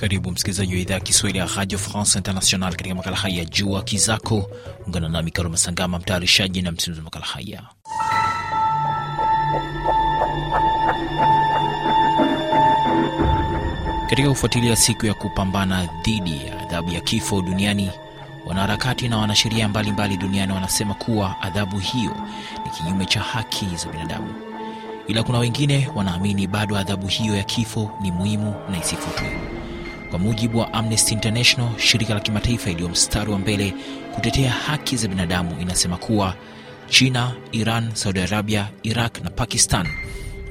Karibu msikilizaji wa idhaa ya Kiswahili ya Radio France International katika makala haya Jua Kizako. Ungana nami Karuma Sangama, mtayarishaji na msimuzi wa makala haya. Katika kufuatilia siku ya kupambana dhidi ya adhabu ya kifo duniani, wanaharakati na wanasheria mbalimbali duniani wanasema kuwa adhabu hiyo ni kinyume cha haki za binadamu, ila kuna wengine wanaamini bado adhabu hiyo ya kifo ni muhimu na isifutwe. Kwa mujibu wa Amnesty International, shirika la kimataifa iliyo mstari wa mbele kutetea haki za binadamu, inasema kuwa China, Iran, Saudi Arabia, Iraq na Pakistan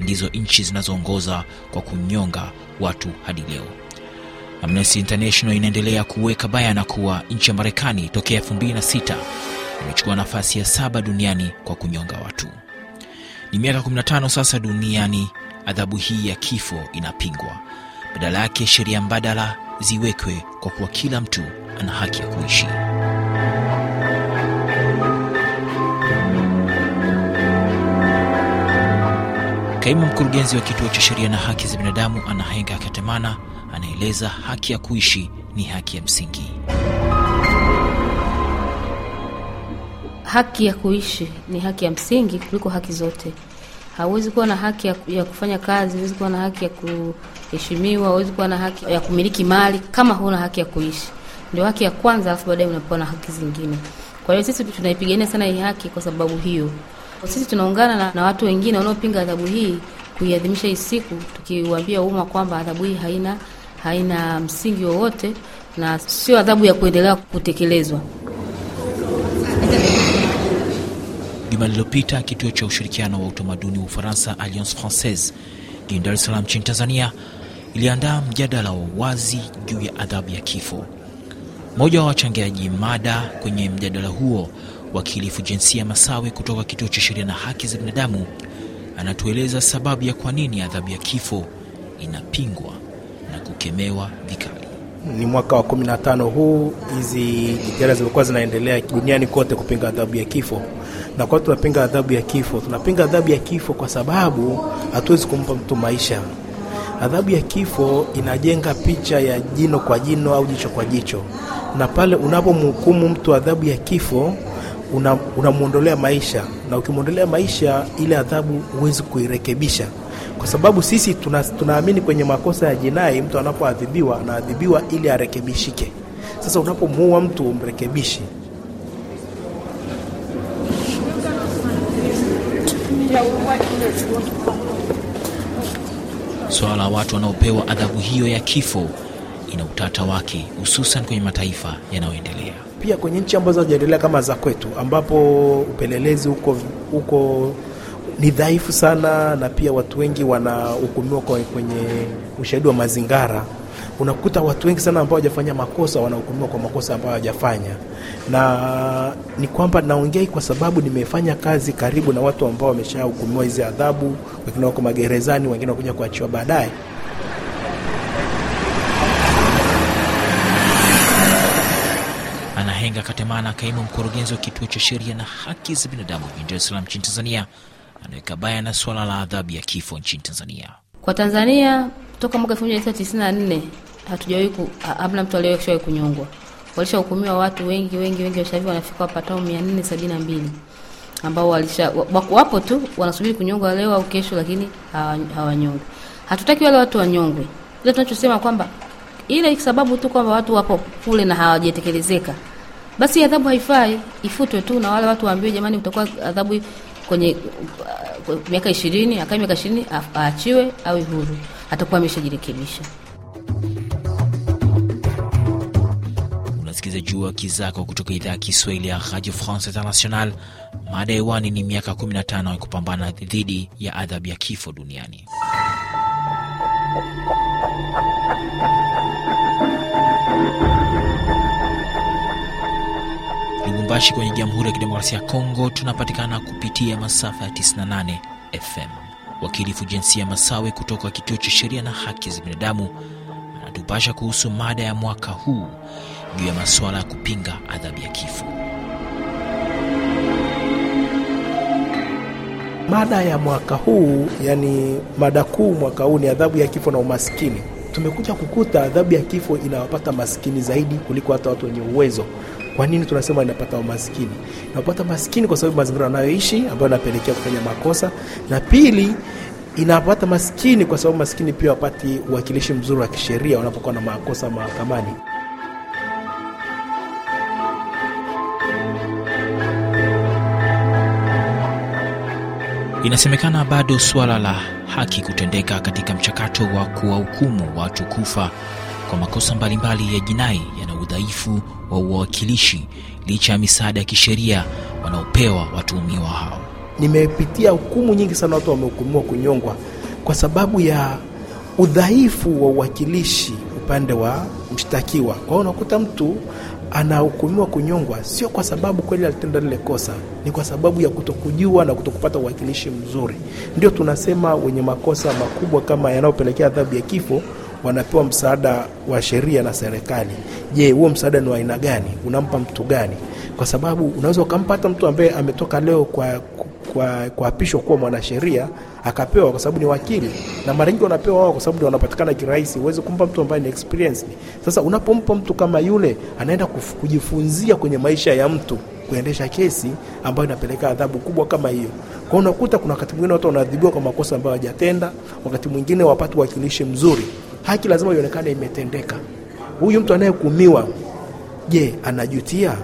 ndizo nchi zinazoongoza kwa kunyonga watu hadi leo. Amnesty International inaendelea kuweka bayana kuwa nchi ya Marekani tokea 2006 imechukua nafasi ya saba duniani kwa kunyonga watu. Ni miaka 15 sasa duniani adhabu hii ya kifo inapingwa. Badala yake sheria mbadala ziwekwe, kwa kuwa kila mtu ana haki ya kuishi. Kaimu mkurugenzi wa kituo cha sheria na haki za binadamu Anahenga Katemana anaeleza haki ya kuishi ni haki ya msingi. Haki ya kuishi ni haki ya msingi kuliko haki zote, hauwezi kuwa na haki ya, ya kufanya kazi, hauwezi kuwa na haki ya kuheshimiwa, hauwezi kuwa na haki ya kumiliki mali kama huna haki ya kuishi. Ndio haki ya kwanza, alafu baadaye unapewa na haki zingine. Kwa hiyo sisi tunaipigania sana hii haki kwa sababu hiyo. Sisi tunaungana na, na watu wengine wanaopinga adhabu hii kuiadhimisha hii siku, tukiwaambia umma kwamba adhabu hii haina haina msingi wowote na sio adhabu ya kuendelea kutekelezwa juma lililopita kituo cha ushirikiano wa utamaduni wa Ufaransa, Alliance Francaise, jijini Dar es Salaam nchini Tanzania, iliandaa mjadala wa wazi juu ya adhabu ya kifo. Mmoja wa wachangiaji mada kwenye mjadala huo, wakili Fujensia Masawe kutoka kituo cha sheria na haki za binadamu, anatueleza sababu ya kwa nini adhabu ya kifo inapingwa na kukemewa vikali. Ni mwaka wa 15 huu, hizi jitihada zimekuwa zinaendelea duniani kote kupinga adhabu ya kifo kwa tunapinga adhabu ya kifo. Tunapinga adhabu ya kifo kwa sababu hatuwezi kumpa mtu maisha. Adhabu ya kifo inajenga picha ya jino kwa jino au jicho kwa jicho, na pale unapomhukumu mtu adhabu ya kifo unamwondolea una maisha, na ukimwondolea maisha ile adhabu huwezi kuirekebisha, kwa sababu sisi tunaamini kwenye makosa ya jinai, mtu anapoadhibiwa anaadhibiwa ili arekebishike. Sasa unapomuua mtu umrekebishi Swala la watu wanaopewa adhabu hiyo ya kifo ina utata wake, hususan kwenye mataifa yanayoendelea, pia kwenye nchi ambazo hazijaendelea kama za kwetu, ambapo upelelezi huko huko ni dhaifu sana, na pia watu wengi wanahukumiwa kwenye ushahidi wa mazingara unakuta watu wengi sana ambao hawajafanya makosa wanahukumiwa kwa makosa ambayo hawajafanya, na ni kwamba naongea hii kwa sababu nimefanya kazi karibu na watu ambao wameshahukumiwa hizi adhabu. Wengine wako magerezani, wengine wakuja kuachiwa baadaye. Anahenga Katemana, kaimu mkurugenzi wa kituo cha sheria na haki za binadamu jijini nchini Tanzania, anaweka baya na suala la adhabu ya kifo nchini Tanzania. Kwa Tanzania toka mwaka hatujawahi hamna mtu aliyeshawahi kunyongwa. Walishahukumiwa watu wengi wengi wengi, washavi wanafika wapatao mia nne sabini na mbili ambao walisha wapo tu wanasubiri kunyongwa leo au kesho, lakini hawanyongwi. Hatutaki wale watu wanyongwe, ile tunachosema kwamba ile sababu tu kwamba watu wapo kule na hawajatekelezeka, basi adhabu haifai, ifutwe tu, na wale watu waambiwe, jamani, mtakuwa adhabu kwenye uh, miaka ishirini, akae miaka ishirini aachiwe, awe huru, atakuwa ameshajirekebisha. juu haki kizako kutoka idhaa ya Kiswahili ya Radio France International. Mada hewani ni miaka 15 ya kupambana dhidi ya adhabu ya kifo duniani. Lubumbashi kwenye Jamhuri ya Kidemokrasia ya Kongo tunapatikana kupitia masafa ya 98 FM. Wakili Fujensia Masawe kutoka Kituo cha Sheria na Haki za Binadamu anatupasha kuhusu mada ya mwaka huu juu ya masuala ya kupinga adhabu ya kifo. Mada ya mwaka huu, yani mada kuu mwaka huu ni adhabu ya kifo na umaskini. Tumekuja kukuta adhabu ya kifo inawapata maskini zaidi kuliko hata watu wenye uwezo. Kwa nini tunasema inapata umaskini? Inapata maskini kwa sababu mazingira anayoishi ambayo anapelekea kufanya makosa, na pili inapata maskini kwa sababu maskini pia wapati uwakilishi mzuri wa kisheria wanapokuwa na makosa mahakamani. Inasemekana bado suala la haki kutendeka katika mchakato wa kuwahukumu watu kufa kwa makosa mbalimbali ya jinai yana udhaifu wa uwakilishi licha ya misaada ya kisheria wanaopewa watuhumiwa hao. Nimepitia hukumu nyingi sana, watu wamehukumiwa kunyongwa kwa sababu ya udhaifu wa uwakilishi upande wa mshtakiwa. Kwa hiyo unakuta mtu anahukumiwa kunyongwa sio kwa sababu kweli alitenda lile kosa, ni kwa sababu ya kutokujua na kutokupata uwakilishi mzuri. Ndio tunasema wenye makosa makubwa kama yanayopelekea adhabu ya kifo wanapewa msaada wa sheria na serikali. Je, huo msaada ni wa aina gani? Unampa mtu gani? Kwa sababu unaweza ukampata mtu ambaye ametoka leo kwa kuapishwa kuwa mwanasheria akapewa kwa sababu ni wakili, na mara nyingi wanapewa wao kwa sababu ndio wanapatikana kirahisi. Uweze kumpa mtu ambaye ni experience. Sasa unapompa mtu kama yule, anaenda kujifunzia kwenye maisha ya mtu kuendesha kesi ambayo inapeleka adhabu kubwa kama hiyo. Kwa hiyo unakuta kuna wakati mwingine watu wanaadhibiwa kwa makosa ambayo hawajatenda, wakati mwingine wapate uwakilishi mzuri. Haki lazima ionekane imetendeka. Huyu mtu anayekumiwa, je, anajutia?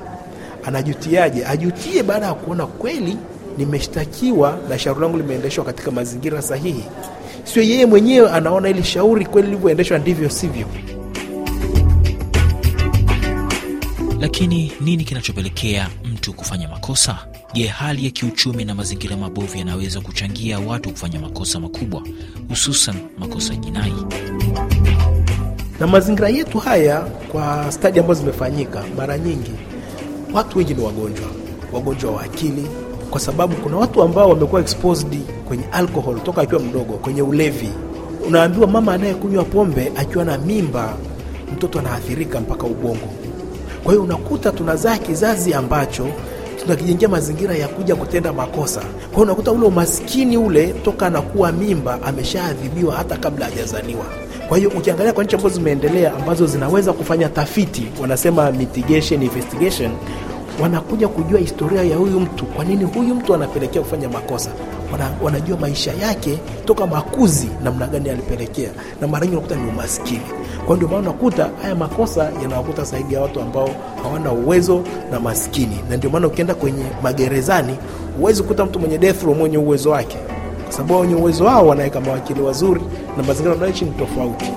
Anajutiaje? Ajutie baada ya kuona kweli nimeshtakiwa na shauri langu limeendeshwa katika mazingira sahihi. Sio yeye mwenyewe anaona ili shauri kweli lilivyoendeshwa ndivyo sivyo. Lakini nini kinachopelekea mtu kufanya makosa? Je, hali ya kiuchumi na mazingira mabovu yanaweza kuchangia watu kufanya makosa makubwa, hususan makosa jinai? Na mazingira yetu haya, kwa stadi ambazo zimefanyika, mara nyingi watu wengi ni wagonjwa, wagonjwa wa akili kwa sababu kuna watu ambao wamekuwa exposed kwenye alcohol toka akiwa mdogo, kwenye ulevi. Unaambiwa mama anayekunywa pombe akiwa na mimba, mtoto anaathirika mpaka ubongo. Kwa hiyo unakuta tunazaa kizazi ambacho tunakijengia mazingira ya kuja kutenda makosa. Kwa hiyo unakuta ule umaskini ule toka anakuwa mimba ameshaadhibiwa hata kabla hajazaniwa. Kwa hiyo ukiangalia kwa nchi ambazo zimeendelea ambazo zinaweza kufanya tafiti, wanasema mitigation investigation wanakuja kujua historia ya huyu mtu, kwa nini huyu mtu anapelekea kufanya makosa. Wana, wanajua maisha yake toka makuzi, namna gani alipelekea, na mara nyingi unakuta ni umaskini. Kwa ndio maana unakuta haya makosa yanawakuta zaidi ya watu ambao hawana uwezo na maskini, na ndio maana ukienda kwenye magerezani huwezi kukuta mtu mwenye death row mwenye uwezo wake, kwa sababu wenye uwezo wao wanaweka mawakili wazuri na mazingira wanayoishi ni tofauti.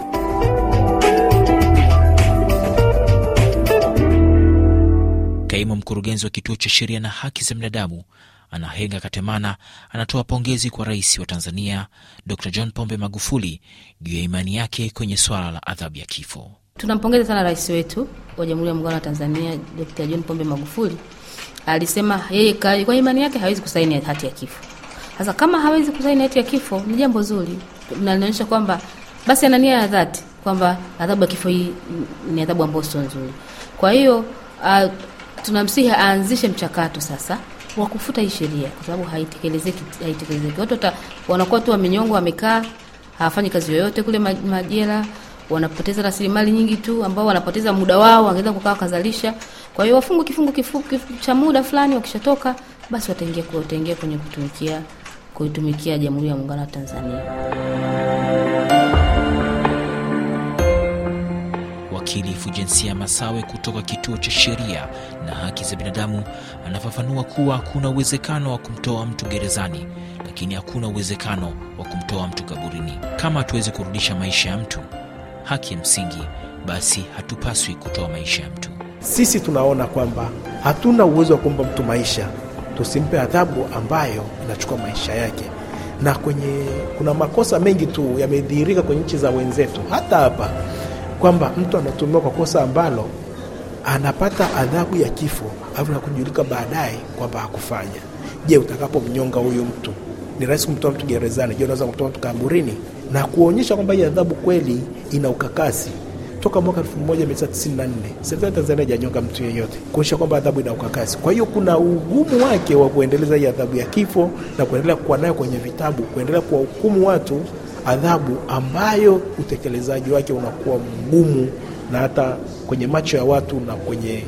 Kaimu mkurugenzi wa kituo cha sheria na haki za binadamu Anahenga Katemana anatoa pongezi kwa rais wa Tanzania Dr John Pombe Magufuli juu ya imani yake kwenye swala la adhabu ya kifo. Tunampongeza sana rais wetu wa Jamhuri ya Muungano wa Tanzania Dr John Pombe Magufuli. Alisema yeye kwa imani yake hawezi kusaini hati ya kifo. Sasa kama hawezi kusaini hati ya kifo ni jambo zuri na kwamba basi ana nia ya dhati kwamba adhabu ya kifo hii ni adhabu ambayo sio nzuri. Kwa hiyo uh, tunamsihi aanzishe mchakato sasa wa kufuta hii sheria, kwa sababu haitekelezeki, haitekelezeki. Watu wanakuwa tu wamenyongwa, wamekaa hawafanyi kazi yoyote kule majela, wanapoteza rasilimali nyingi tu, ambao wanapoteza muda wao, wangeweza kukaa wakazalisha. Kwa hiyo wafungwe kifungo cha muda fulani, wakishatoka basi wataingia wataingia kwenye kutumikia kuitumikia Jamhuri ya Muungano wa Tanzania. Wakili Fujensia Masawe kutoka kituo cha sheria na haki za binadamu anafafanua kuwa hakuna uwezekano wa kumtoa mtu gerezani, lakini hakuna uwezekano wa kumtoa mtu kaburini. Kama hatuwezi kurudisha maisha ya mtu, haki ya msingi, basi hatupaswi kutoa maisha ya mtu. Sisi tunaona kwamba hatuna uwezo wa kumpa mtu maisha, tusimpe adhabu ambayo inachukua maisha yake na kwenye kuna makosa mengi tu yamedhihirika kwenye nchi za wenzetu, hata hapa kwamba mtu anatumiwa kwa kosa ambalo anapata adhabu ya kifo alafu na kujulika baadaye kwamba hakufanya. Je, utakapomnyonga huyu mtu ni rahisi kumtoa mtu gerezani? Je, unaweza kumtoa mtu kaburini na kuonyesha kwamba hii adhabu kweli ina ukakasi? Toka mwaka nne serikali Tanzania hajanyonga mtu yeyote, kuonyesha kwamba adhabu ina ukakasi. Kwa hiyo kuna ugumu wake wa kuendeleza hii adhabu ya kifo na kuendelea kuwa nayo kwenye vitabu, kuendelea kuwahukumu watu adhabu ambayo utekelezaji wake unakuwa mgumu na hata kwenye macho ya watu na kwenye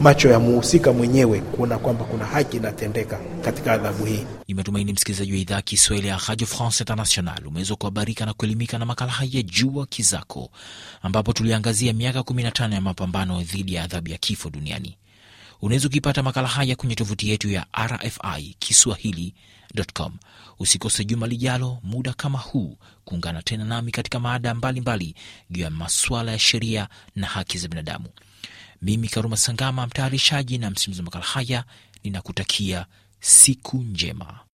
macho ya muhusika mwenyewe kuona kwamba kuna haki inatendeka katika adhabu hii. Imetumaini msikilizaji wa idhaa Kiswahili ya Radio France International umeweza kuhabarika na kuelimika na makala haya Jua Kizako, ambapo tuliangazia miaka 15 ya mapambano dhidi ya adhabu ya kifo duniani. Unaweza ukipata makala haya kwenye tovuti yetu ya RFI Kiswahili.com. Usikose juma lijalo muda kama huu kuungana tena nami katika maada mbalimbali juu ya masuala ya sheria na haki za binadamu. Mimi Karuma Sangama, mtayarishaji na msimuzi wa makala haya, ninakutakia siku njema.